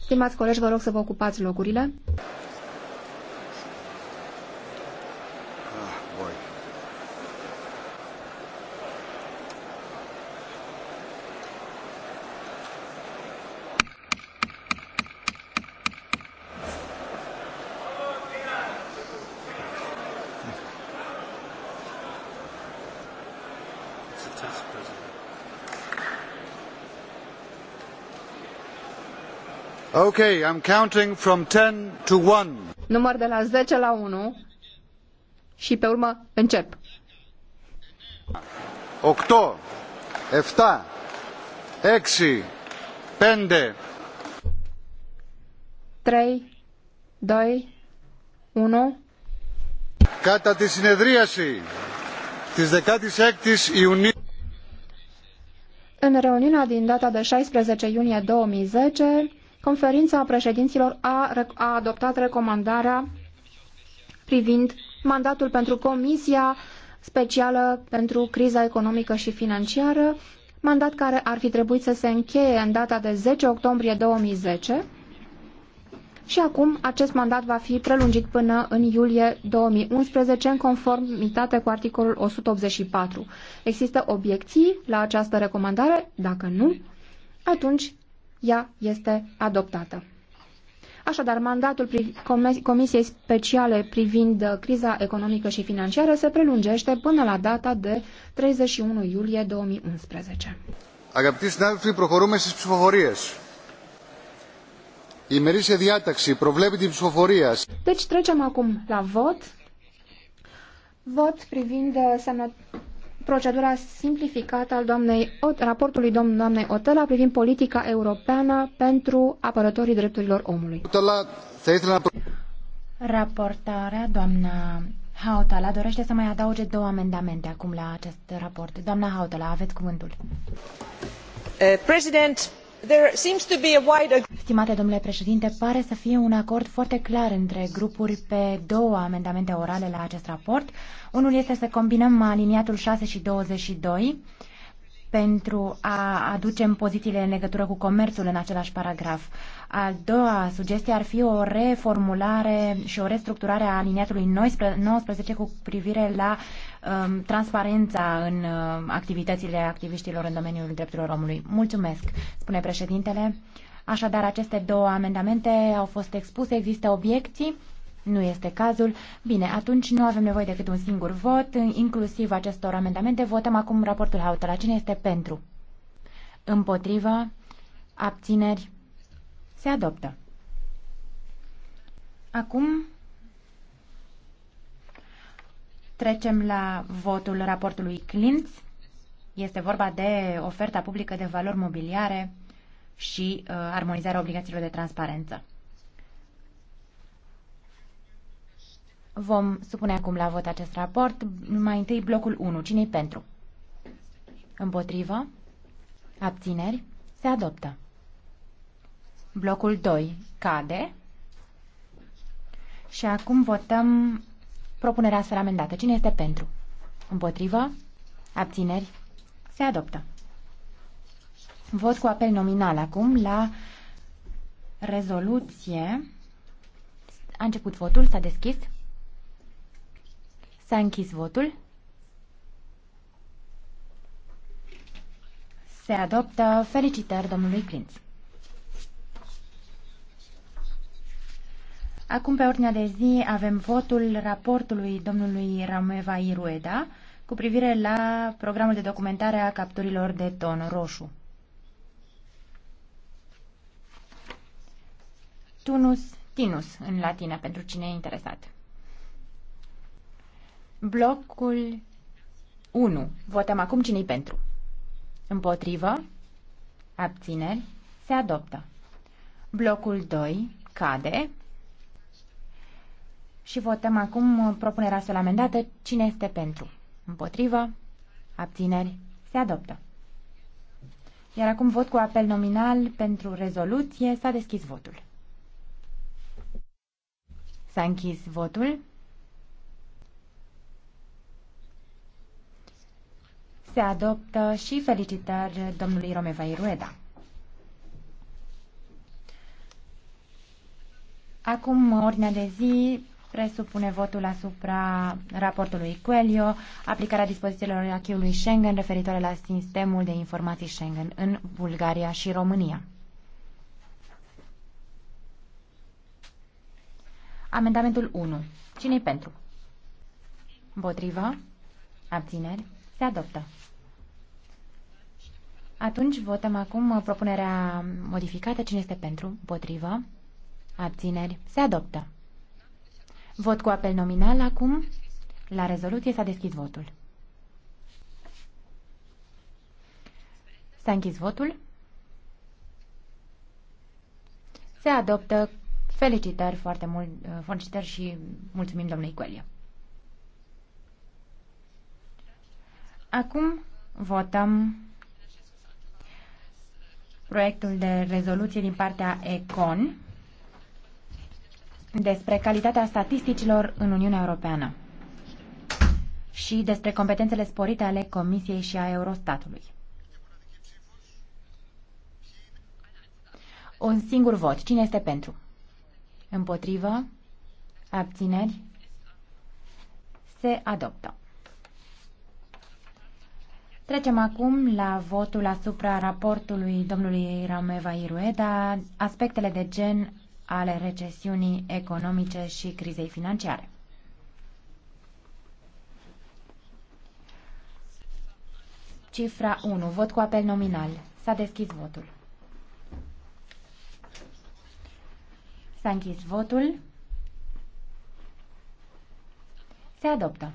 Stimați colegi, vă rog să vă ocupați locurile. Okay, I'm counting from 10 to 1. Număr de la 10 la 1 și pe urmă încep. 8, 7, 6, 5, 3, 2, 1. Κατά τη συνεδρίαση της 16ης Ιουνίου În reuniunea din data de 16 iunie 2010, conferința președinților a, a adoptat recomandarea privind mandatul pentru Comisia Specială pentru Criza Economică și Financiară, mandat care ar fi trebuit să se încheie în data de 10 octombrie 2010 și acum acest mandat va fi prelungit până în iulie 2011 în conformitate cu articolul 184. Există obiecții la această recomandare? Dacă nu, atunci ea este adoptată. Așadar, mandatul Comisiei Speciale privind uh, criza economică și financiară se prelungește până la data de 31 iulie 2011. Αγαπητοί συνάδελφοι, προχωρούμε στις ψηφοφορίες. Η ημερήσια διάταξη προβλέπει την ψηφοφορία. Deci trecem acum la vot. Vot privind uh, semnătura procedura simplificată al doamnei, raportului doamnei Otela privind politica europeană pentru apărătorii drepturilor omului. Raportarea doamna Hautala dorește să mai adauge două amendamente acum la acest raport. Doamna Hautala, aveți cuvântul. Uh, President, Stimate domnule președinte, pare să fie un acord foarte clar între grupuri pe două amendamente orale la acest raport. Unul este să combinăm aliniatul 6 și 22 pentru a aduce în pozițiile în legătură cu comerțul în același paragraf. A doua sugestie ar fi o reformulare și o restructurare a aliniatului 19 cu privire la um, transparența în um, activitățile activiștilor în domeniul drepturilor omului. Mulțumesc, spune președintele. Așadar, aceste două amendamente au fost expuse. Există obiecții? Nu este cazul. Bine, atunci nu avem nevoie decât un singur vot, inclusiv acestor amendamente. Votăm acum raportul La Cine este pentru? Împotrivă? Abțineri? Se adoptă. Acum trecem la votul raportului Clint. Este vorba de oferta publică de valori mobiliare și uh, armonizarea obligațiilor de transparență. Vom supune acum la vot acest raport. Mai întâi blocul 1. Cine-i pentru? Împotrivă? Abțineri? Se adoptă. Blocul 2 cade. Și acum votăm propunerea astfel amendată. Cine este pentru? Împotrivă? Abțineri? Se adoptă. Vot cu apel nominal acum la rezoluție. A început votul, s-a deschis. S-a închis votul. Se adoptă. Felicitări domnului Prinț. Acum, pe ordinea de zi, avem votul raportului domnului Rameva Irueda cu privire la programul de documentare a capturilor de ton roșu. Tunus, Tinus, în latină, pentru cine e interesat. Blocul 1. Votăm acum cine pentru. Împotrivă. Abțineri. Se adoptă. Blocul 2 cade. Și votăm acum propunerea astfel amendată. Cine este pentru? Împotrivă. Abțineri. Se adoptă. Iar acum vot cu apel nominal pentru rezoluție. S-a deschis votul. S-a închis votul. se adoptă și felicitări domnului Romeva Irueda. Acum, ordinea de zi presupune votul asupra raportului Coelho, aplicarea dispozițiilor achiului Schengen referitoare la sistemul de informații Schengen în Bulgaria și România. Amendamentul 1. Cine-i pentru? Împotrivă? Abțineri? Se adoptă. Atunci votăm acum propunerea modificată. Cine este pentru? Potrivă? Abțineri? Se adoptă. Vot cu apel nominal acum. La rezoluție s-a deschis votul. S-a închis votul. Se adoptă. Felicitări foarte mult, eh, felicitări și mulțumim domnului Coelie. Acum votăm proiectul de rezoluție din partea ECON despre calitatea statisticilor în Uniunea Europeană și despre competențele sporite ale Comisiei și a Eurostatului. Un singur vot. Cine este pentru? Împotrivă? Abțineri? Se adoptă. Trecem acum la votul asupra raportului domnului Rameva Irueda, aspectele de gen ale recesiunii economice și crizei financiare. Cifra 1. Vot cu apel nominal. S-a deschis votul. S-a închis votul. Se adoptă.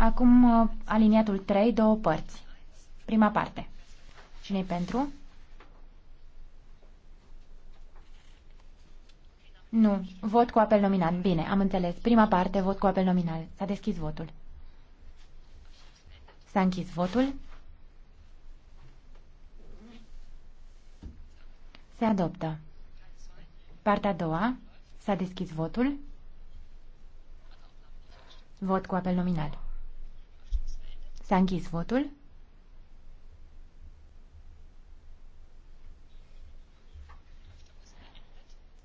Acum uh, aliniatul 3, două părți. Prima parte. Cine-i pentru? Nu. Vot cu apel nominal. Bine, am înțeles. Prima parte, vot cu apel nominal. S-a deschis votul. S-a închis votul. Se adoptă. Partea a doua. S-a deschis votul. Vot cu apel nominal. S-a închis votul.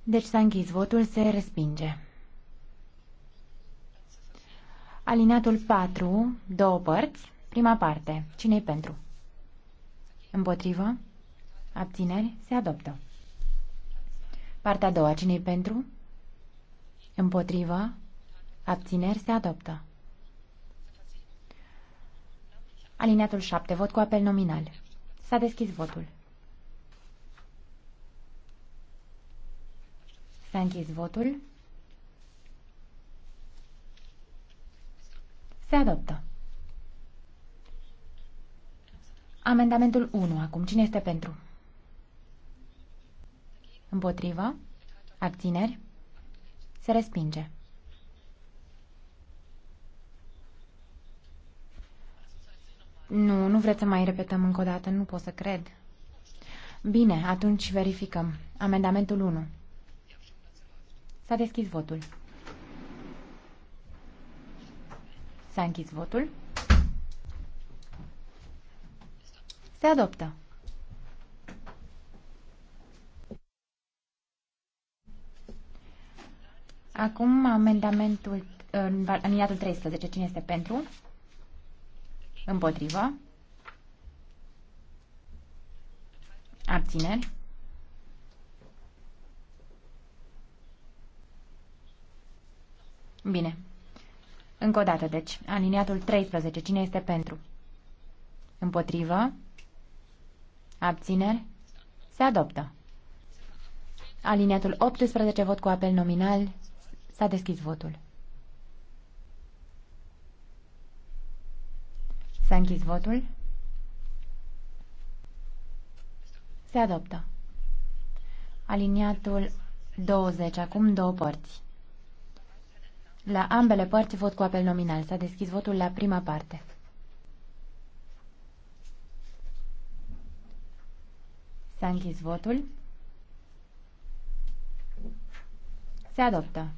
Deci s-a închis votul, se respinge. Alinatul 4, două părți, prima parte. Cine-i pentru? Împotrivă? Abțineri? Se adoptă. Partea a doua, cine-i pentru? Împotrivă? Abțineri? Se adoptă. Alineatul 7. Vot cu apel nominal. S-a deschis votul. S-a închis votul. Se adoptă. Amendamentul 1. Acum, cine este pentru? Împotrivă? Abțineri? Se respinge. Nu, nu vreți să mai repetăm încă o dată, nu pot să cred. Bine, atunci verificăm. Amendamentul 1. S-a deschis votul. S-a închis votul. Se adoptă. Acum amendamentul, uh, aliniatul 13. Cine este pentru? Împotrivă. Abțineri. Bine. Încă o dată, deci. Aliniatul 13. Cine este pentru? Împotrivă. Abțineri. Se adoptă. Aliniatul 18. Vot cu apel nominal. S-a deschis votul. S-a închis votul. Se adoptă. Aliniatul 20, acum două părți. La ambele părți vot cu apel nominal. S-a deschis votul la prima parte. S-a închis votul. Se adoptă.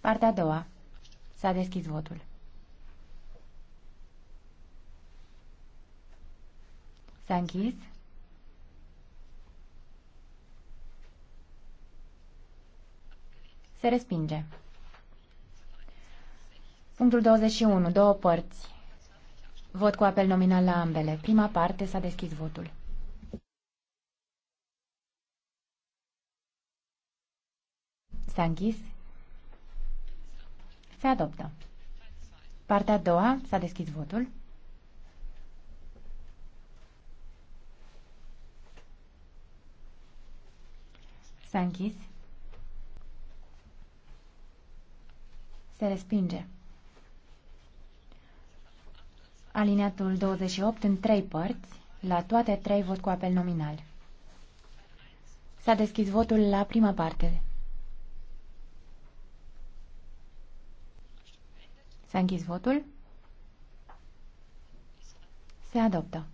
Partea a doua. S-a deschis votul. S-a închis. Se respinge. Punctul 21. Două părți. Vot cu apel nominal la ambele. Prima parte s-a deschis votul. S-a închis. Se adoptă. Partea a doua s-a deschis votul. S-a închis. Se respinge. Alineatul 28 în trei părți, la toate trei vot cu apel nominal. S-a deschis votul la prima parte. S-a închis votul. Se adoptă.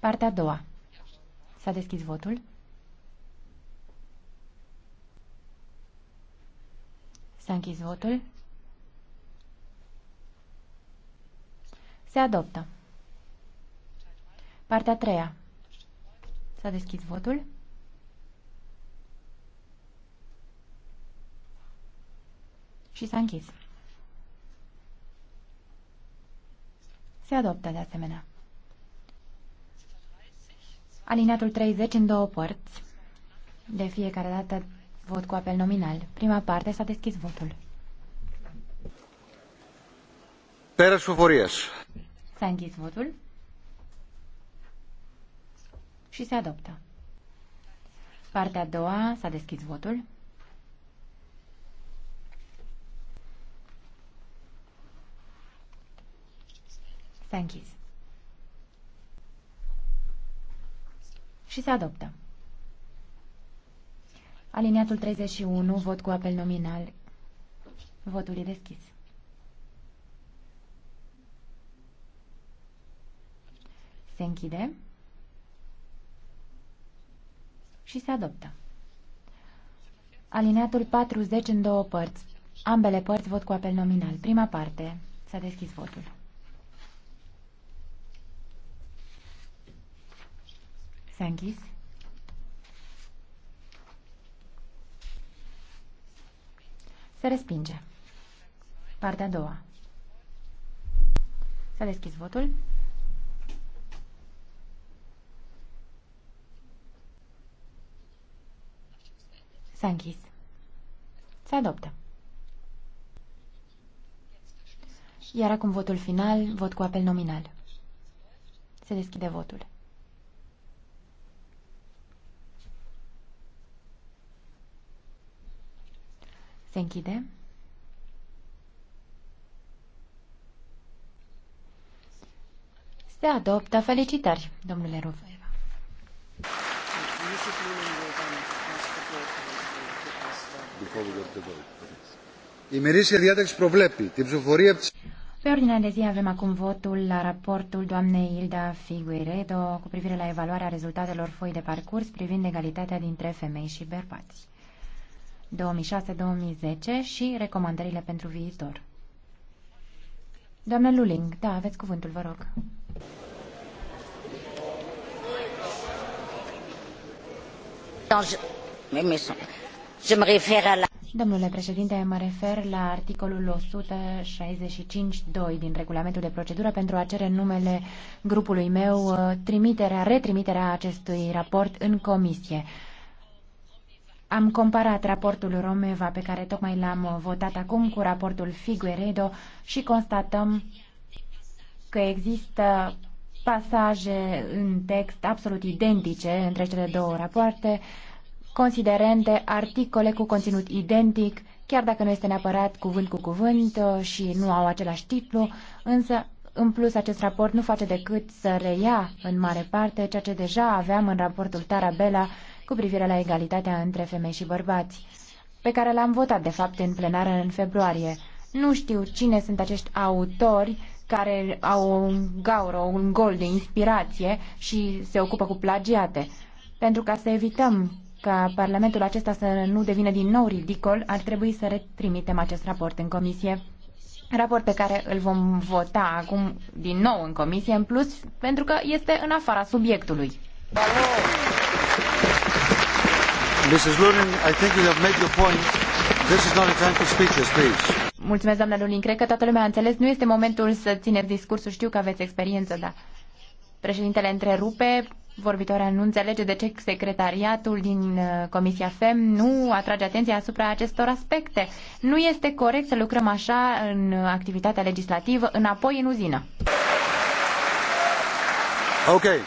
Partea a doua. S-a deschis votul. S-a închis votul. Se adoptă. Partea a treia. S-a deschis votul. Și s-a închis. Se adoptă de asemenea. Alineatul 30 în două părți. De fiecare dată Vot cu apel nominal. Prima parte s-a deschis votul. Peres Fovorias. S-a închis votul și se adoptă. Partea a doua s-a deschis votul. S-a închis. Și se adoptă. Aliniatul 31, vot cu apel nominal. Votul e deschis. Se închide și se adoptă. Alineatul 40 în două părți. Ambele părți vot cu apel nominal. Prima parte. S-a deschis votul. S-a închis. Se respinge. Partea a doua. S-a deschis votul. S-a închis. Se adoptă. Iar acum votul final, vot cu apel nominal. Se deschide votul. Se închide. Se adoptă. Felicitări, domnule Rufeva. Pe ordinea de zi avem acum votul la raportul doamnei Ilda Figueiredo cu privire la evaluarea rezultatelor foi de parcurs privind egalitatea dintre femei și bărbați. 2006-2010 și recomandările pentru viitor. Doamne Luling, da, aveți cuvântul, vă rog. Domnule președinte, mă refer la articolul 165.2 din regulamentul de procedură pentru a cere numele grupului meu uh, trimiterea, retrimiterea acestui raport în comisie. Am comparat raportul Romeva pe care tocmai l-am votat acum cu raportul Figueredo și constatăm că există pasaje în text absolut identice între cele două rapoarte, considerente, articole cu conținut identic, chiar dacă nu este neapărat cuvânt cu cuvânt și nu au același titlu, însă în plus, acest raport nu face decât să reia în mare parte ceea ce deja aveam în raportul Tarabella cu privire la egalitatea între femei și bărbați, pe care l-am votat, de fapt, în plenară în februarie. Nu știu cine sunt acești autori care au un gaură, un gol de inspirație și se ocupă cu plagiate. Pentru ca să evităm ca Parlamentul acesta să nu devină din nou ridicol, ar trebui să retrimitem acest raport în comisie. Raport pe care îl vom vota acum din nou în comisie, în plus, pentru că este în afara subiectului. Bravo! Mulțumesc, doamna Lunin. Cred că toată lumea a înțeles. Nu este momentul să țineți discursul. Știu că aveți experiență, dar președintele întrerupe, vorbitoarea nu înțelege de ce secretariatul din uh, Comisia FEM nu atrage atenția asupra acestor aspecte. Nu este corect să lucrăm așa în activitatea legislativă, înapoi în uzină. Okay.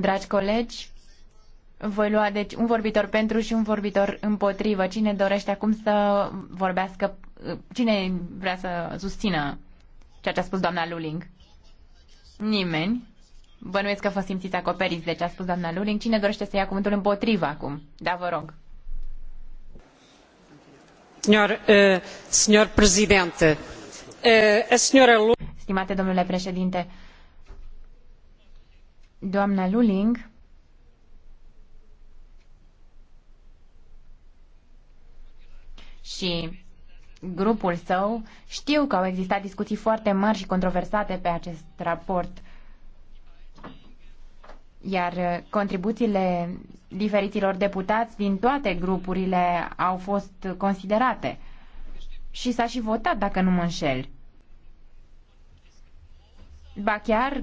Dragi colegi, voi lua deci un vorbitor pentru și un vorbitor împotrivă. Cine dorește acum să vorbească, cine vrea să susțină ceea ce a spus doamna Luling? Nimeni. Bănuiesc că vă simțiți acoperiți de ce a spus doamna Luling. Cine dorește să ia cuvântul împotrivă acum? Da, vă rog. Senor, uh, eh, senor președinte, uh, eh, Stimate domnule președinte, Doamna Luling și grupul său știu că au existat discuții foarte mari și controversate pe acest raport, iar uh, contribuțiile diferiților deputați din toate grupurile au fost considerate și s-a și votat, dacă nu mă înșel. Ba chiar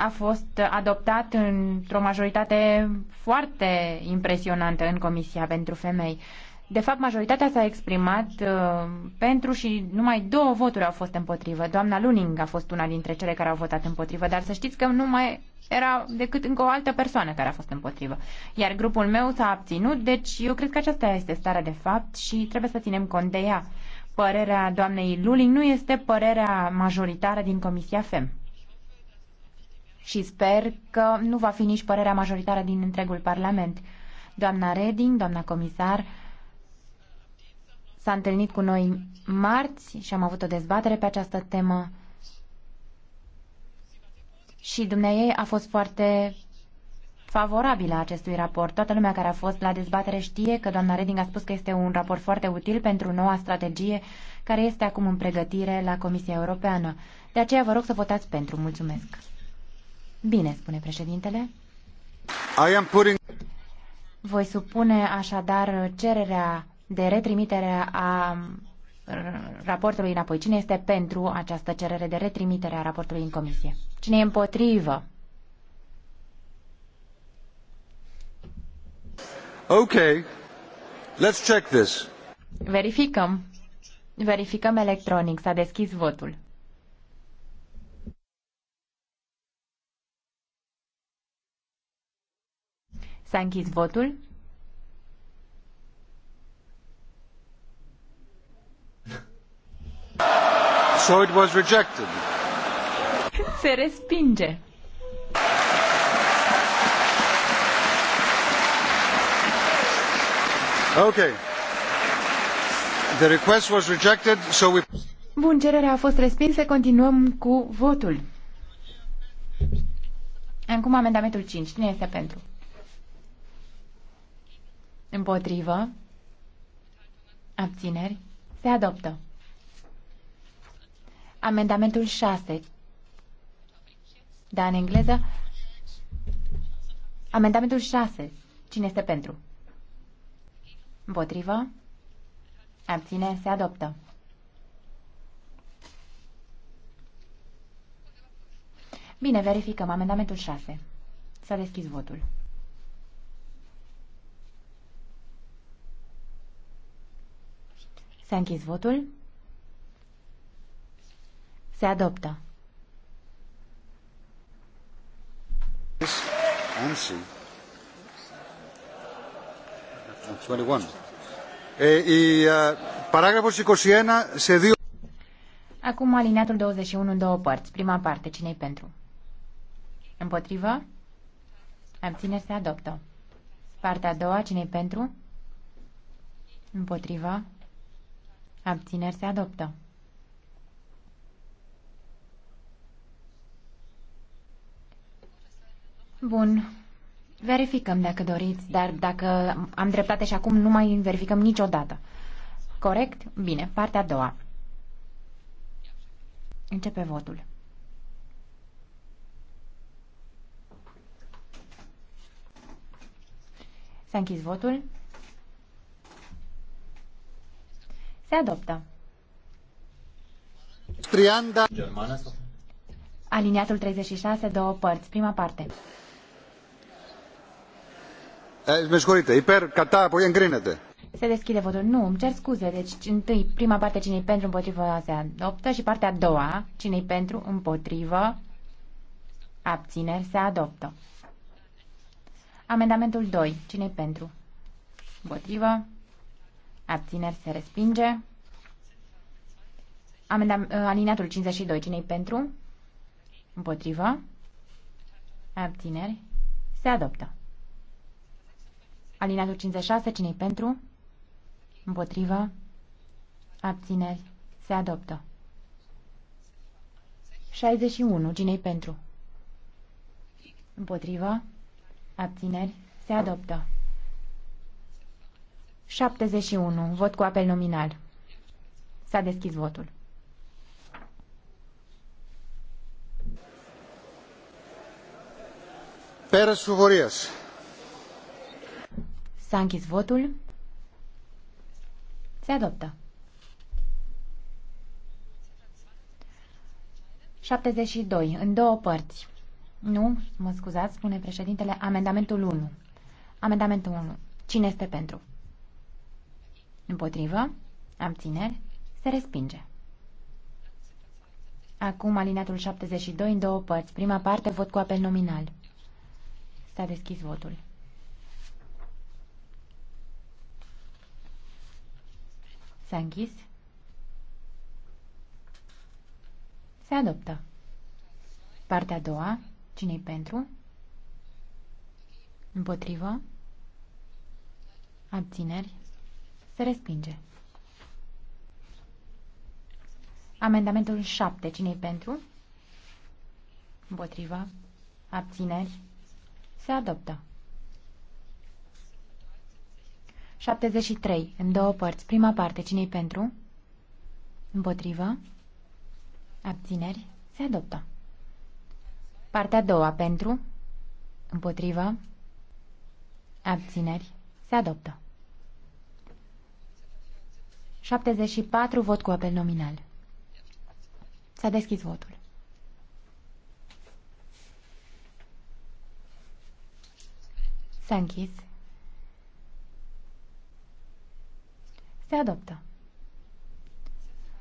a fost adoptat într-o majoritate foarte impresionantă în Comisia pentru Femei. De fapt, majoritatea s-a exprimat uh, pentru și numai două voturi au fost împotrivă. Doamna Luning a fost una dintre cele care au votat împotrivă, dar să știți că nu mai era decât încă o altă persoană care a fost împotrivă. Iar grupul meu s-a abținut, deci eu cred că aceasta este starea de fapt și trebuie să ținem cont de ea. Părerea doamnei Luling nu este părerea majoritară din Comisia FEM și sper că nu va fi nici părerea majoritară din întregul Parlament. Doamna Reding, doamna comisar, s-a întâlnit cu noi marți și am avut o dezbatere pe această temă și dumneai a fost foarte favorabilă acestui raport. Toată lumea care a fost la dezbatere știe că doamna Reding a spus că este un raport foarte util pentru noua strategie care este acum în pregătire la Comisia Europeană. De aceea vă rog să votați pentru. Mulțumesc! Bine, spune președintele. I am putting... Voi supune așadar cererea de retrimitere a mm, raportului înapoi. Cine este pentru această cerere de retrimitere a raportului în comisie? Cine e împotrivă? Ok. Let's check this. Verificăm. Verificăm electronic. S-a deschis votul. S-a închis votul. So it was rejected. Se respinge. Okay. The request was rejected, so we... Bun, cererea a fost respinsă. Continuăm cu votul. Acum amendamentul 5. Cine este pentru? Împotrivă. Abțineri. Se adoptă. Amendamentul 6. Da, în engleză. Amendamentul 6. Cine este pentru? Împotrivă. Abține. Se adoptă. Bine, verificăm amendamentul 6. S-a deschis votul. S-a închis votul. Se adoptă. 21. paragraful 21 se dio... Acum alineatul 21 în două părți. Prima parte, cine-i pentru? Împotrivă? Abțineri se adoptă. Partea a doua, cine-i pentru? Împotrivă? Abțineri se adoptă. Bun. Verificăm dacă doriți, dar dacă am dreptate și acum nu mai verificăm niciodată. Corect? Bine. Partea a doua. Începe votul. S-a închis votul. Se adoptă. Trianda. Aliniatul 36, două părți. Prima parte. Με συγχωρείτε, υπέρ, κατά, αποχή εγκρίνεται. Se deschide votul. Nu, îmi cer scuze. Deci, întâi, prima parte, cine-i pentru, împotrivă, se adoptă și partea a doua, cine-i pentru, împotrivă, abțineri, se adoptă. Amendamentul 2. Cine-i pentru? Împotrivă, Abțineri se respinge. Amendam, uh, alineatul 52. Cine-i pentru? Împotrivă. Abțineri. Se adoptă. Alineatul 56. Cine-i pentru? Împotrivă. Abțineri. Se adoptă. 61. Cine-i pentru? Împotrivă. Abțineri. Se adoptă. 71. Vot cu apel nominal. S-a deschis votul. Perez Suvorias. S-a închis votul. Se adoptă. 72. În două părți. Nu, mă scuzați, spune președintele, amendamentul 1. Amendamentul 1. Cine este pentru? Împotrivă. Abțineri. Se respinge. Acum alineatul 72 în două părți. Prima parte, vot cu apel nominal. S-a deschis votul. S-a închis. Se adoptă. Partea a doua. Cine-i pentru? Împotrivă. Abțineri. Se respinge. Amendamentul 7. cine pentru? Împotrivă. Abțineri. Se adoptă. 73. În două părți. Prima parte. cine pentru? Împotrivă. Abțineri. Se adoptă. Partea a doua. Pentru. Împotrivă. Abțineri. Se adoptă. 74, vot cu apel nominal. S-a deschis votul. S-a închis. Se adoptă.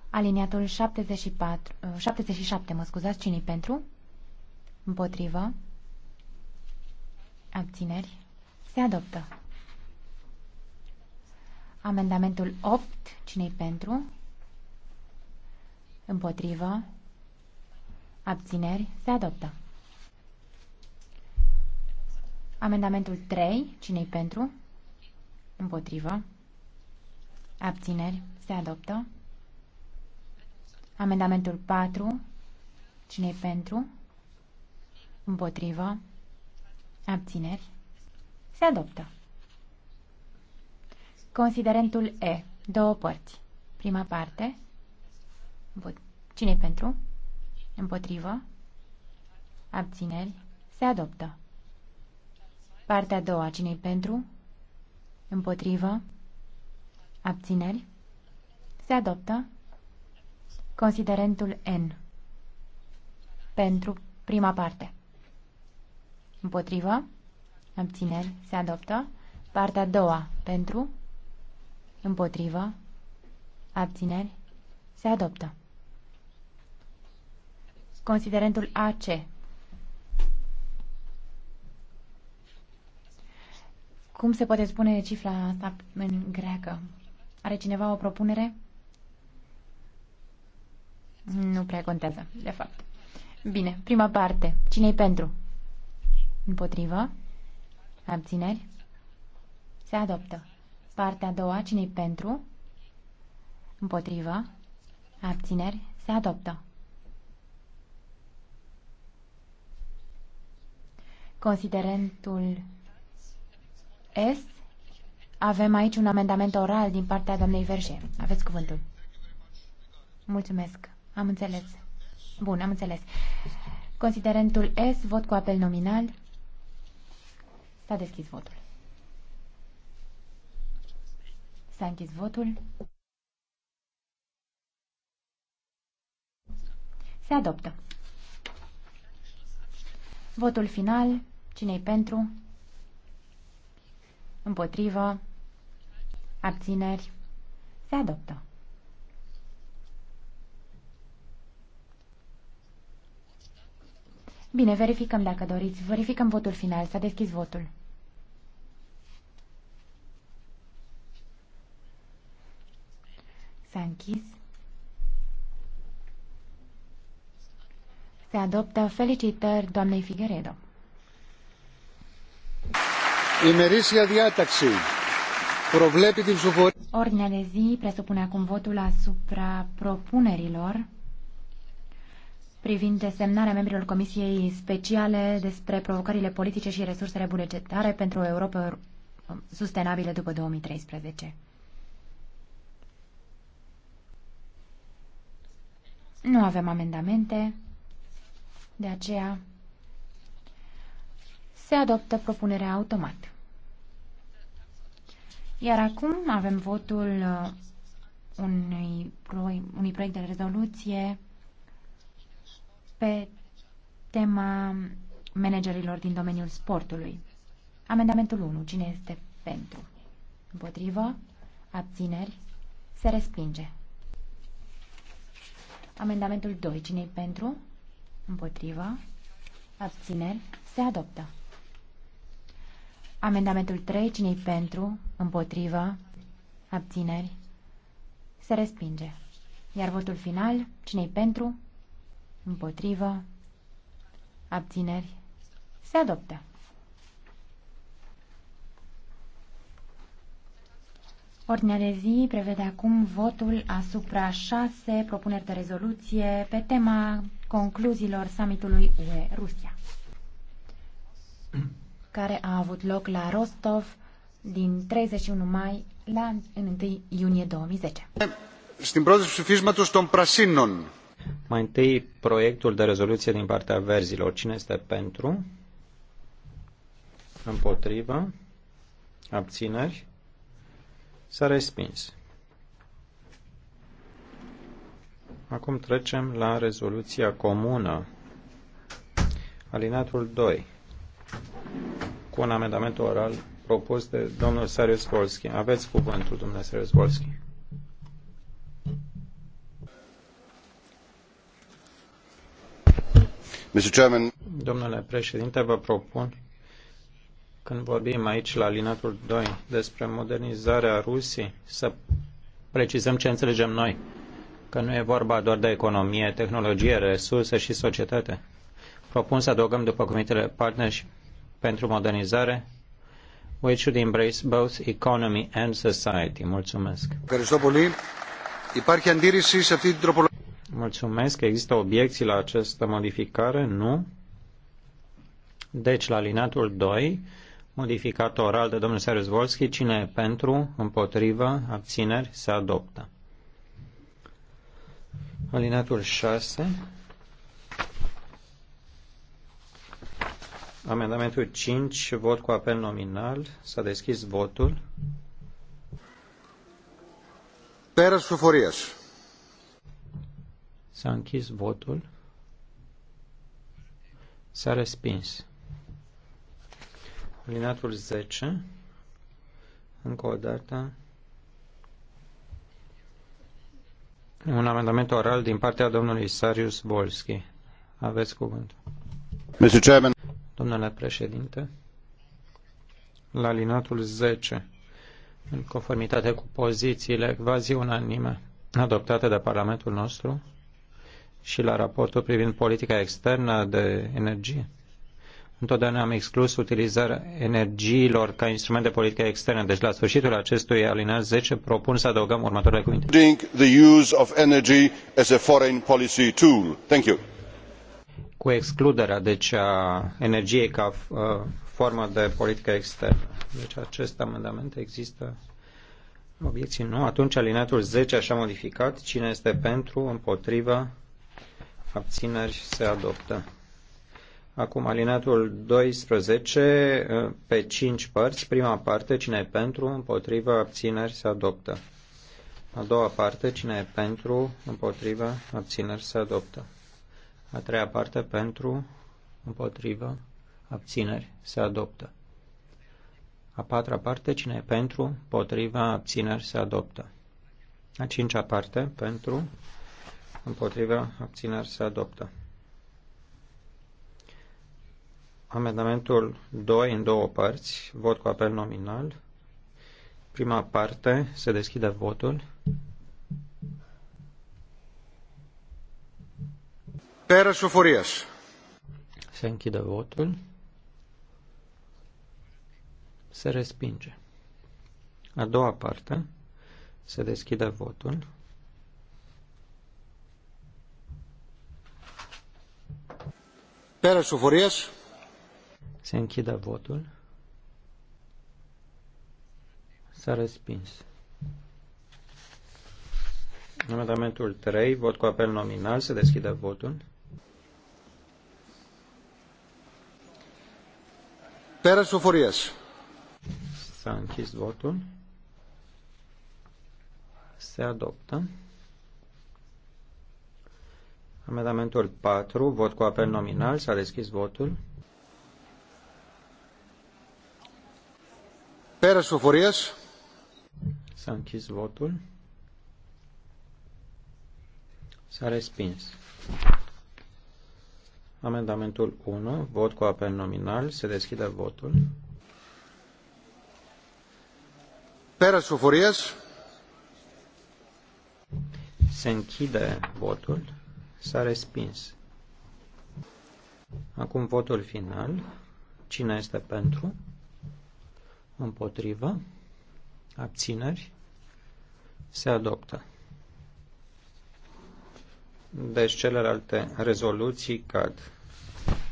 Aliniatul 74, 77, uh, mă scuzați, cine pentru? Împotrivă. Abțineri. Se adoptă. Amendamentul 8, cine pentru? Împotrivă? Abțineri? Se adoptă. Amendamentul 3, cine pentru? Împotrivă? Abțineri? Se adoptă. Amendamentul 4, cine pentru? Împotrivă? Abțineri? Se adoptă. Considerentul E. Două părți. Prima parte. cine pentru? Împotrivă. Abțineri. Se adoptă. Partea a doua. cine pentru? Împotrivă. Abțineri. Se adoptă. Considerentul N. Pentru prima parte. Împotrivă. Abțineri. Se adoptă. Partea a doua. Pentru. Împotrivă. Abțineri. Se adoptă. Considerentul AC. Cum se poate spune cifra asta în greacă? Are cineva o propunere? Nu prea contează, de fapt. Bine, prima parte. Cine-i pentru? Împotrivă? Abțineri? Se adoptă. Partea a doua, cine pentru? Împotrivă. Abțineri. Se adoptă. Considerentul S. Avem aici un amendament oral din partea doamnei Verge. Aveți cuvântul. Mulțumesc. Am înțeles. Bun, am înțeles. Considerentul S, vot cu apel nominal. S-a deschis votul. S-a închis votul. Se adoptă. Votul final. Cine-i pentru? Împotrivă. Abțineri. Se adoptă. Bine, verificăm dacă doriți. Verificăm votul final. S-a deschis votul. închis. Se adoptă felicitări doamnei Figueredo. Imerisia diataxi. Προβλέπει din suport. Ordinea de zi presupune acum votul asupra propunerilor privind desemnarea membrilor Comisiei Speciale despre provocările politice și resursele bugetare pentru o Europa sustenabilă după 2013. Nu avem amendamente, de aceea se adoptă propunerea automat. Iar acum avem votul uh, unui, pro- unui proiect de rezoluție pe tema managerilor din domeniul sportului. Amendamentul 1. Cine este pentru? Împotrivă? Abțineri? Se respinge. Amendamentul 2. cine pentru? Împotriva. Abțineri. Se adoptă. Amendamentul 3. cine pentru? Împotriva. Abțineri. Se respinge. Iar votul final, cine pentru? Împotrivă. Abțineri. Se adoptă. Ordinea de zi prevede acum votul asupra șase propuneri de rezoluție pe tema concluziilor summitului UE-Rusia, care a avut loc la Rostov din 31 mai la 1 iunie 2010. Mai întâi, proiectul de rezoluție din partea verzilor. Cine este pentru? Împotrivă? Abțineri? S-a respins. Acum trecem la rezoluția comună, alinatul 2, cu un amendament oral propus de domnul Sarius Volski. Aveți cuvântul, domnule Sarius Volski. Domnule președinte, vă propun când vorbim aici la alinatul 2 despre modernizarea Rusiei, să precizăm ce înțelegem noi, că nu e vorba doar de economie, tehnologie, resurse și societate. Propun să adăugăm după cuvintele partners pentru modernizare, which should embrace both economy and society. Mulțumesc. Mulțumesc. Există obiecții la această modificare? Nu. Deci, la linatul 2, Modificat oral de domnul Sarius Volski. Cine e pentru, împotrivă, abțineri, se adoptă. Alinatul 6. Amendamentul 5, vot cu apel nominal. S-a deschis votul. Peras Fuforias. S-a închis votul. S-a respins. Alinatul 10. Încă o dată. Un amendament oral din partea domnului Sarius Bolski. Aveți cuvânt. Domnule președinte, la alinatul 10, în conformitate cu pozițiile quasi unanime adoptate de Parlamentul nostru și la raportul privind politica externă de energie, Întotdeauna am exclus utilizarea energiilor ca instrument de politică externă. Deci la sfârșitul acestui alineat 10 propun să adăugăm următoarele cuvinte. The use of energy as a foreign policy tool. Thank you. Cu excluderea deci a energiei ca uh, formă de politică externă. Deci acest amendament există obiecții nu. Atunci alineatul 10 așa modificat. Cine este pentru, împotrivă, abțineri se adoptă. Acum alineatul 12 uh, pe 5 părți. Prima parte, cine e pentru, împotrivă, abțineri, se adoptă. A doua parte, cine e pentru, împotrivă, abțineri, se adoptă. A treia parte, pentru, împotrivă, abțineri, se adoptă. A patra parte, cine e pentru, împotrivă, abțineri, se adoptă. A cincea parte, pentru, împotrivă, abțineri, se adoptă. Amendamentul 2 în două părți, vot cu apel nominal. Prima parte, se deschide votul. Pera Șoforiaș. Se închide votul. Se respinge. A doua parte, se deschide votul. Pera Șoforiaș. Se închide votul. S-a respins. Amendamentul 3, vot cu apel nominal, se deschide votul. Pere Sufuries. S-a închis votul. Se adoptă. Amendamentul 4, vot cu apel nominal, s-a deschis votul. Πέρας ψηφοφορίας. S-a închis votul. S-a respins. Amendamentul 1, vot cu apel nominal, se deschide votul. Pérez Sufuriez. Se închide votul. S-a respins. Acum votul final. Cine este pentru? împotrivă, abțineri, se adoptă. Deci celelalte rezoluții cad.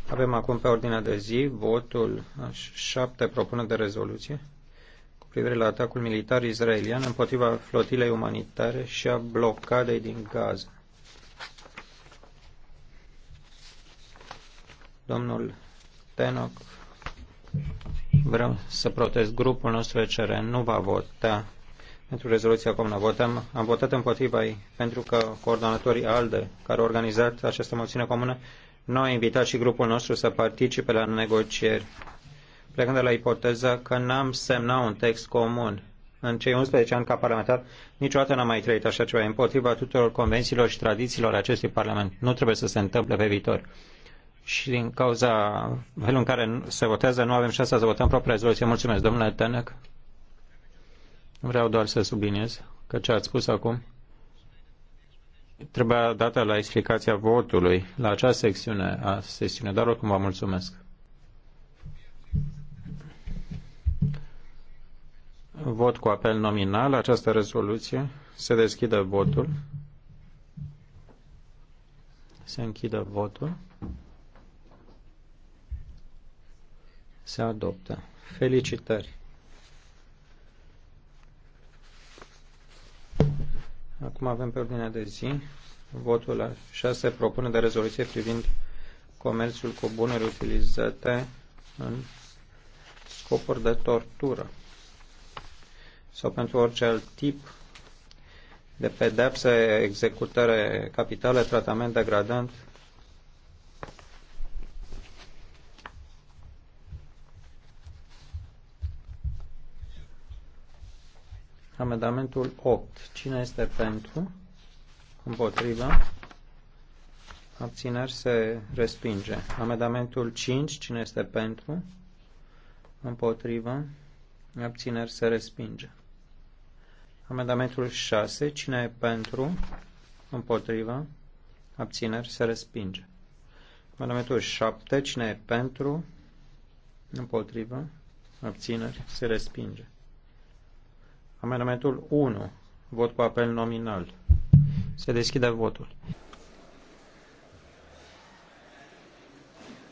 Avem acum pe ordinea de zi votul a șapte propuneri de rezoluție cu privire la atacul militar israelian împotriva flotilei umanitare și a blocadei din Gaza. Domnul Tenoc Vreau să protest grupul nostru ECR. Nu va vota pentru rezoluția comună. Votăm, am votat împotriva ei pentru că coordonatorii ALDE, care au organizat această moțiune comună, nu au invitat și grupul nostru să participe la negocieri, plecând de la ipoteza că n-am semnat un text comun. În cei 11 ani ca parlamentar, niciodată n-am mai trăit așa ceva împotriva tuturor convențiilor și tradițiilor acestui parlament. Nu trebuie să se întâmple pe viitor și din cauza felul în care se votează, nu avem șansa să votăm propria rezoluție. Mulțumesc, domnule Tenec. Vreau doar să subliniez că ce ați spus acum trebuia dată la explicația votului la acea secțiune a sesiunii, dar oricum vă mulțumesc. Vot cu apel nominal, această rezoluție. Se deschide votul. Se închide votul. Se adoptă. Felicitări! Acum avem pe ordinea de zi votul la 6 propune de rezoluție privind comerțul cu bunuri utilizate în scopuri de tortură sau pentru orice alt tip de pedepse, executare capitală, tratament degradant Amendamentul 8. Cine este pentru? Împotrivă? Abțineri se respinge. Amendamentul 5. Cine este pentru? Împotrivă? Abțineri se respinge. Amendamentul 6. Cine e pentru? Împotrivă? Abțineri se respinge. Amendamentul 7. Cine e pentru? Împotrivă? Abțineri se respinge. Amendamentul 1. Vot cu apel nominal. Se deschide votul.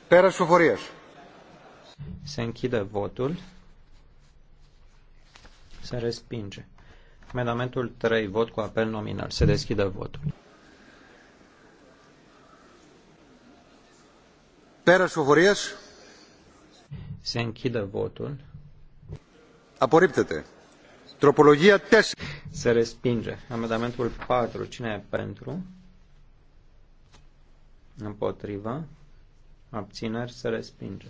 Pera Șufurieș. Se închide votul. Se respinge. Amendamentul 3. Vot cu apel nominal. Se deschide votul. Pera Șufurieș. Se închide votul. Aporiptete antropologia test. Se respinge. Amendamentul 4. Cine e pentru? Împotrivă. Abțineri. Se respinge.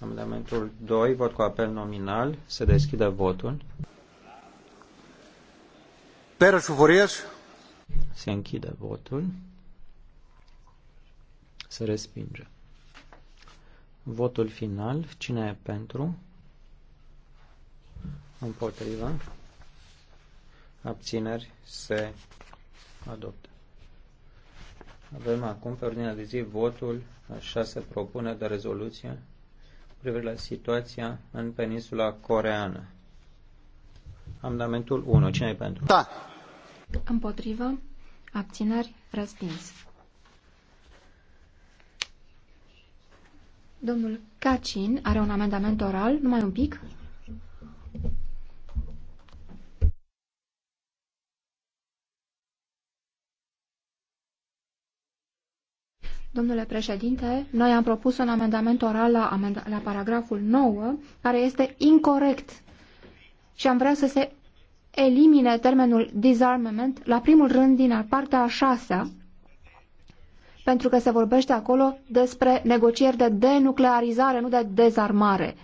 Amendamentul 2. Vot cu apel nominal. Se deschide votul. Pera Sufurias. Se închide votul. Se respinge. Votul final. Cine e pentru? împotriva, abțineri, se adoptă. Avem acum pe ordinea de zi votul a șase propune de rezoluție privire la situația în peninsula coreană. Amendamentul 1. Cine e pentru? Da. Împotrivă. Abțineri. Răspins. Domnul Cacin are un amendament oral, numai un pic. Domnule președinte, noi am propus un amendament oral la, la paragraful 9, care este incorrect și am vrea să se elimine termenul disarmament la primul rând din partea a șasea, pentru că se vorbește acolo despre negocieri de denuclearizare, nu de dezarmare.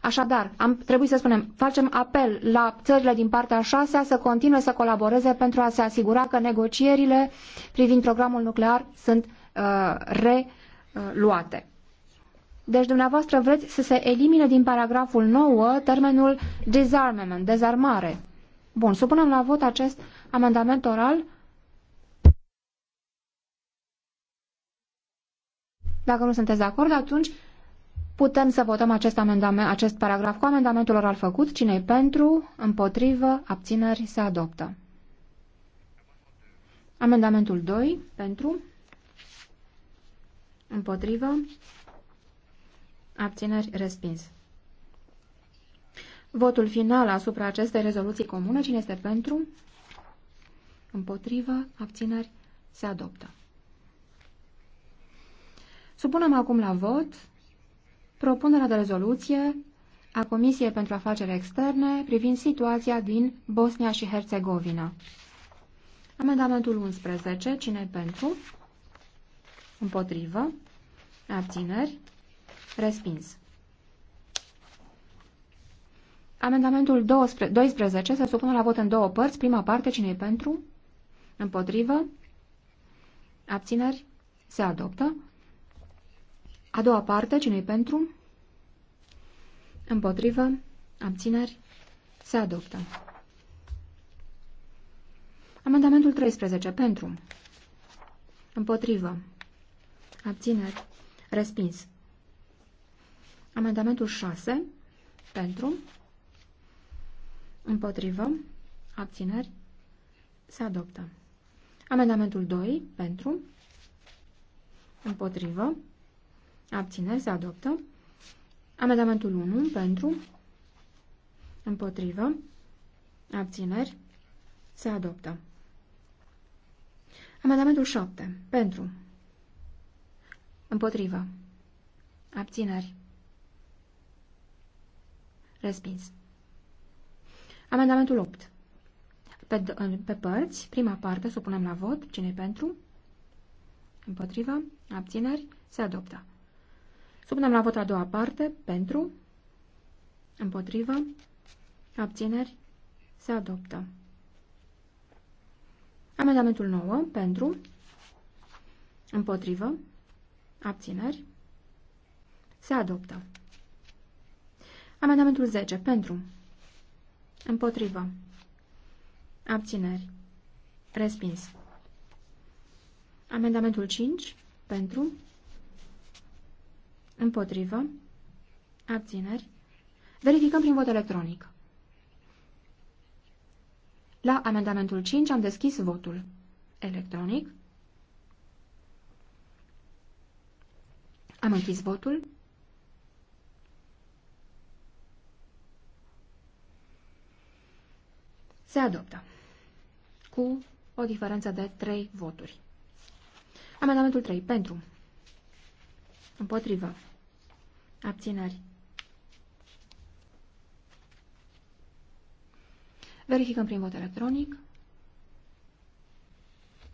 Așadar, am, trebuie să spunem, facem apel la țările din partea a șasea să continue să colaboreze pentru a se asigura că negocierile privind programul nuclear sunt Uh, reluate. Deci dumneavoastră vreți să se elimine din paragraful 9 termenul disarmament, dezarmare. Bun, supunem la vot acest amendament oral. Dacă nu sunteți de acord, atunci putem să votăm acest, amendament, acest paragraf cu amendamentul oral făcut. cine pentru, împotrivă, abțineri, se adoptă. Amendamentul 2, pentru, Împotrivă. Abțineri respins. Votul final asupra acestei rezoluții comune, cine este pentru? Împotrivă, abțineri, se adoptă. Supunem acum la vot propunerea de rezoluție a Comisiei pentru Afaceri Externe privind situația din Bosnia și Herțegovina. Amendamentul 11. Cine pentru? Împotrivă. Abțineri. Respins. Amendamentul 12 se supune la vot în două părți. Prima parte, cine e pentru? Împotrivă. Abțineri. Se adoptă. A doua parte, cine e pentru? Împotrivă. Abțineri. Se adoptă. Amendamentul 13. Pentru. Împotrivă. Abțineri. Respins. Amendamentul 6. Pentru. Împotrivă. Abțineri. Se adoptă. Amendamentul 2. Pentru. Împotrivă. Abțineri. Se adoptă. Amendamentul 1. Pentru. Împotrivă. Abțineri. Se adoptă. Amendamentul 7. Pentru. Împotrivă. Abțineri. Respins. Amendamentul 8. Pe, pe părți, prima parte, supunem la vot. cine pentru? Împotrivă. Abțineri. Se adoptă. Supunem la vot a doua parte. Pentru. Împotrivă. Abțineri. Se adoptă. Amendamentul 9. Pentru. Împotrivă. Abțineri. Se adoptă. Amendamentul 10. Pentru. Împotrivă. Abțineri. Respins. Amendamentul 5. Pentru. Împotrivă. Abțineri. Verificăm prin vot electronic. La amendamentul 5 am deschis votul. Electronic. Am închis votul. Se adoptă cu o diferență de 3 voturi. Amendamentul 3. Pentru. Împotrivă. Abținări. Verificăm prin vot electronic.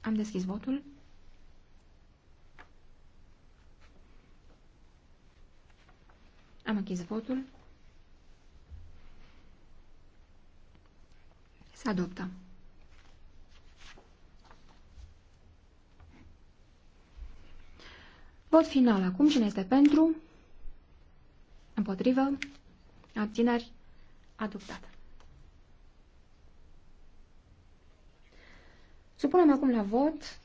Am deschis votul. Am închis votul. Se adoptă. Vot final acum. Cine este pentru? Împotrivă? Abțineri? Adoptat. Supunem acum la vot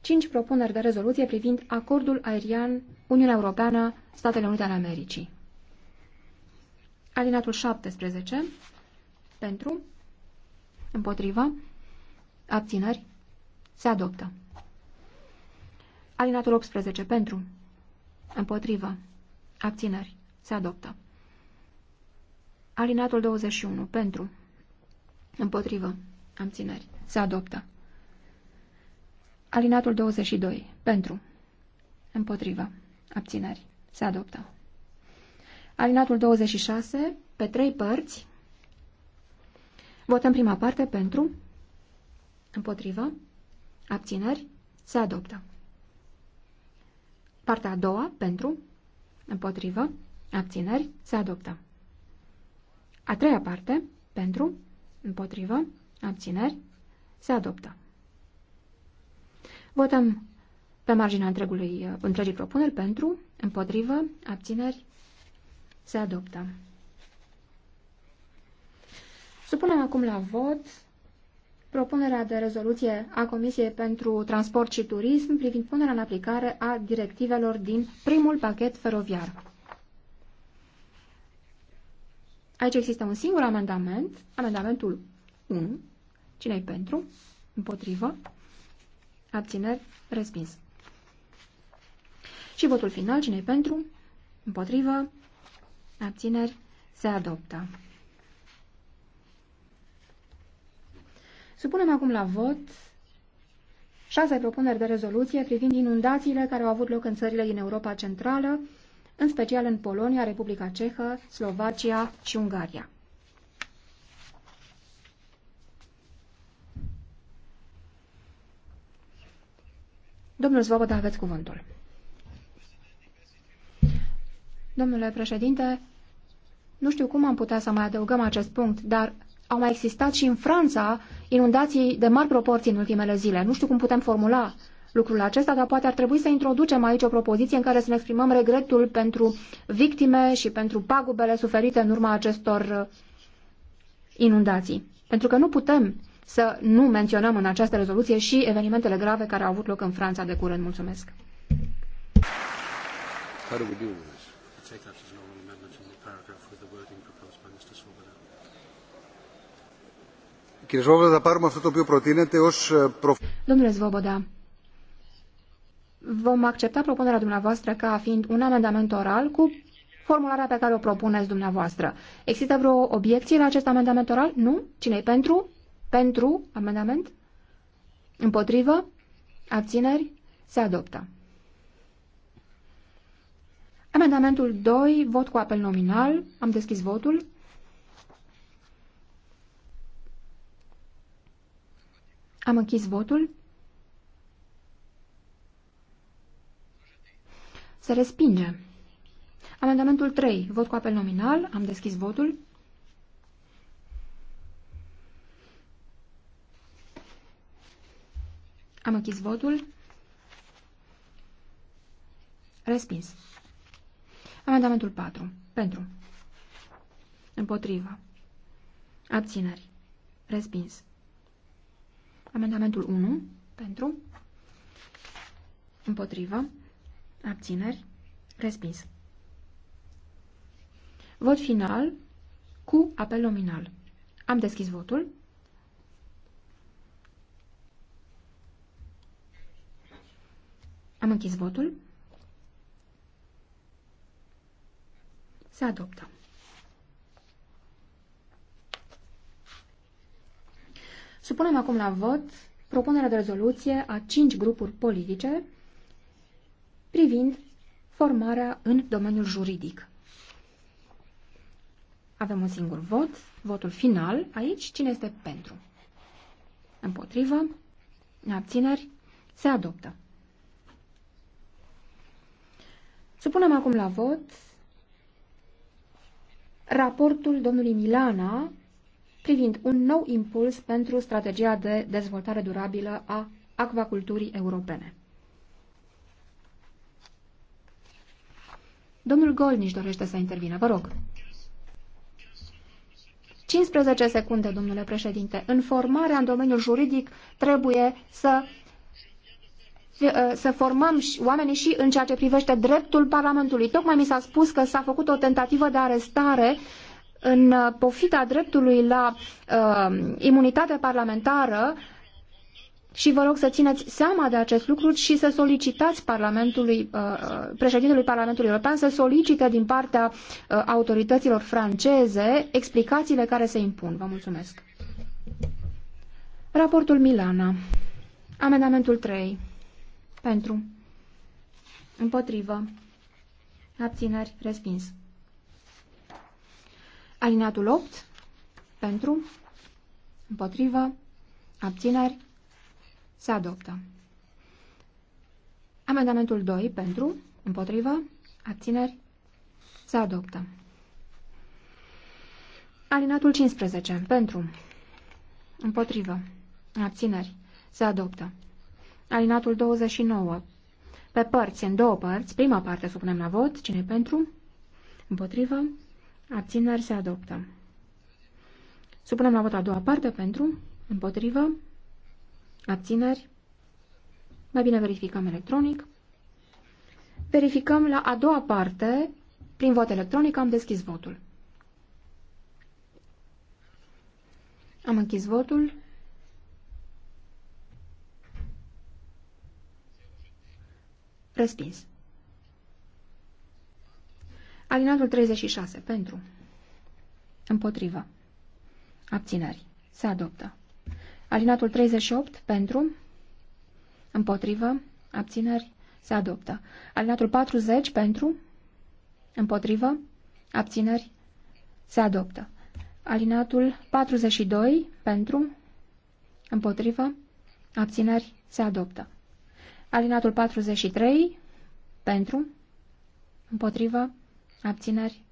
5 propuneri de rezoluție privind acordul aerian Uniunea Europeană, Statele Unite ale Americii. Alinatul 17 pentru, împotriva, abțineri, se adoptă. Alinatul 18 pentru, împotriva, abțineri, se adoptă. Alinatul 21 pentru, împotriva, abțineri, se adoptă. Alinatul 22 pentru, împotriva, Abțineri. Se adoptă. Alinatul 26, pe trei părți. Votăm prima parte pentru, împotrivă, abțineri, se adoptă. Partea a doua, pentru, împotrivă, abțineri, se adoptă. A treia parte, pentru, împotrivă, abțineri, se adoptă. Votăm pe marginea întregului, uh, întregii propuneri pentru, împotrivă, abțineri, se adoptă. Supunem acum la vot propunerea de rezoluție a Comisiei pentru Transport și Turism privind punerea în aplicare a directivelor din primul pachet feroviar. Aici există un singur amendament, amendamentul 1. Cine-i pentru? Împotrivă? Abțineri? Respins. Și votul final, cine pentru? Împotrivă? Abțineri? Se adoptă. Supunem acum la vot șase propuneri de rezoluție privind inundațiile care au avut loc în țările din Europa Centrală, în special în Polonia, Republica Cehă, Slovacia și Ungaria. Domnul Zvoboda, aveți cuvântul. Domnule președinte, nu știu cum am putea să mai adăugăm acest punct, dar au mai existat și în Franța inundații de mari proporții în ultimele zile. Nu știu cum putem formula lucrul acesta, dar poate ar trebui să introducem aici o propoziție în care să ne exprimăm regretul pentru victime și pentru pagubele suferite în urma acestor uh, inundații. Pentru că nu putem să nu menționăm în această rezoluție și evenimentele grave care au avut loc în Franța de curând. Mulțumesc! take that as an oral amendment in the paragraph with the wording proposed by Mr. Swoboda. Κύριε θα πάρουμε αυτό το οποίο προτείνεται ως... Domnule vom accepta propunerea dumneavoastră ca fiind un amendament oral cu formularea pe care o propuneți dumneavoastră. Există vreo obiecție la acest amendament oral? Nu? Cine-i pentru? Pentru amendament? Împotrivă? Abțineri? Se adoptă. Amendamentul 2, vot cu apel nominal. Am deschis votul. Am închis votul. Se respinge. Amendamentul 3, vot cu apel nominal. Am deschis votul. Am închis votul. Respins. Amendamentul 4. Pentru. Împotrivă. Abțineri. Respins. Amendamentul 1. Pentru. Împotrivă. Abțineri. Respins. Vot final cu apel nominal. Am deschis votul. Am închis votul. Se adoptă. Supunem acum la vot propunerea de rezoluție a cinci grupuri politice privind formarea în domeniul juridic. Avem un singur vot, votul final. Aici, cine este pentru? Împotrivă? Abțineri? Se adoptă. Supunem acum la vot raportul domnului Milana privind un nou impuls pentru strategia de dezvoltare durabilă a acvaculturii europene. Domnul Golniș dorește să intervină, vă rog. 15 secunde, domnule președinte. În formarea în domeniul juridic trebuie să Uh, să formăm oamenii și în ceea ce privește dreptul Parlamentului. Tocmai mi s-a spus că s-a făcut o tentativă de arestare în uh, pofita dreptului la uh, imunitate parlamentară și vă rog să țineți seama de acest lucru și să solicitați Parlamentului, uh, uh, președintelui Parlamentului European să solicite din partea uh, autorităților franceze explicațiile care se impun. Vă mulțumesc. Raportul Milana. Amendamentul 3. Pentru. Împotrivă. Abțineri. Respins. Alineatul 8. Pentru. Împotrivă. Abțineri. Se adoptă. Amendamentul 2. Pentru. Împotrivă. Abțineri. Se adoptă. Alinatul 15. Pentru. Împotrivă. Abțineri. Se adoptă. Alinatul 29. Pe părți, în două părți, prima parte supunem la vot. Cine pentru? Împotrivă? Abțineri se adoptă. Supunem la vot a doua parte pentru? Împotrivă? Abțineri? Mai bine verificăm electronic. Verificăm la a doua parte, prin vot electronic, am deschis votul. Am închis votul. Respins. Alinatul 36. Pentru. Împotrivă. Abțineri. Se adoptă. Alinatul 38. Pentru. Împotrivă. Abțineri. Se adoptă. Alinatul 40. Pentru. Împotrivă. Abțineri. Se adoptă. Alinatul 42. Pentru. Împotrivă. Abțineri. Se adoptă. Alinatul 43, pentru, împotrivă, abțineri,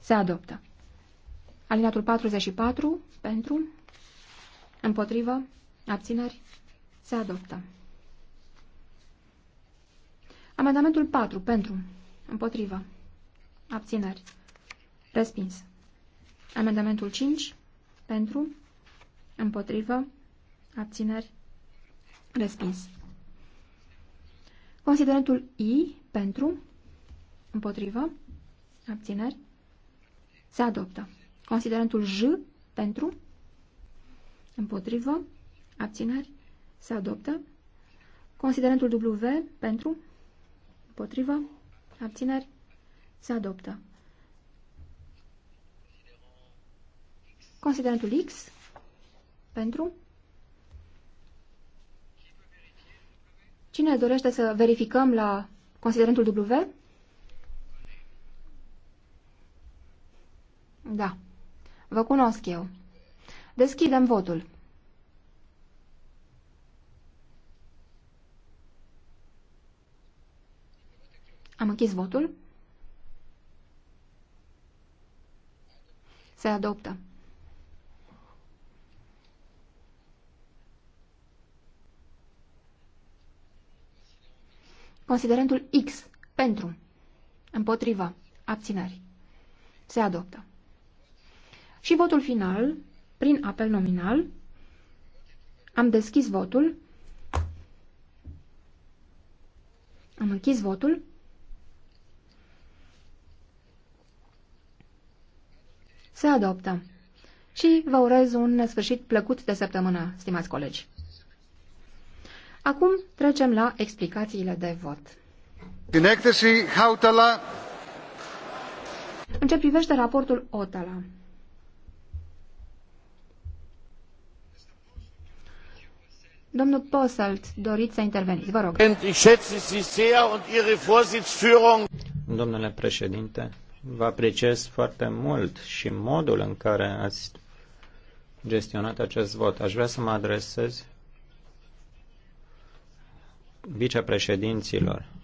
se adoptă. Alinatul 44, pentru, împotrivă, abțineri, se adoptă. Amendamentul 4, pentru, împotrivă, abțineri, respins. Amendamentul 5, pentru, împotrivă, abțineri, respins. Considerentul I pentru, împotrivă, abțineri, se adoptă. Considerentul J pentru, împotrivă, abțineri, se adoptă. Considerentul W pentru, împotrivă, abțineri, se adoptă. Considerentul X pentru, Cine dorește să verificăm la considerentul W? Da. Vă cunosc eu. Deschidem votul. Am închis votul. Se adoptă. Considerentul X. Pentru. Împotriva. Abțineri. Se adoptă. Și votul final, prin apel nominal, am deschis votul, am închis votul, se adoptă. Și vă urez un sfârșit plăcut de săptămână, stimați colegi. Acum trecem la explicațiile de vot. În έκθεση Hautala. În ce privește raportul Otala. Domnul Posselt, doriți să interveniți, vă rog. Domnule președinte, vă apreciez foarte mult și modul în care ați gestionat acest vot. Aș vrea să mă adresez vicepreședinților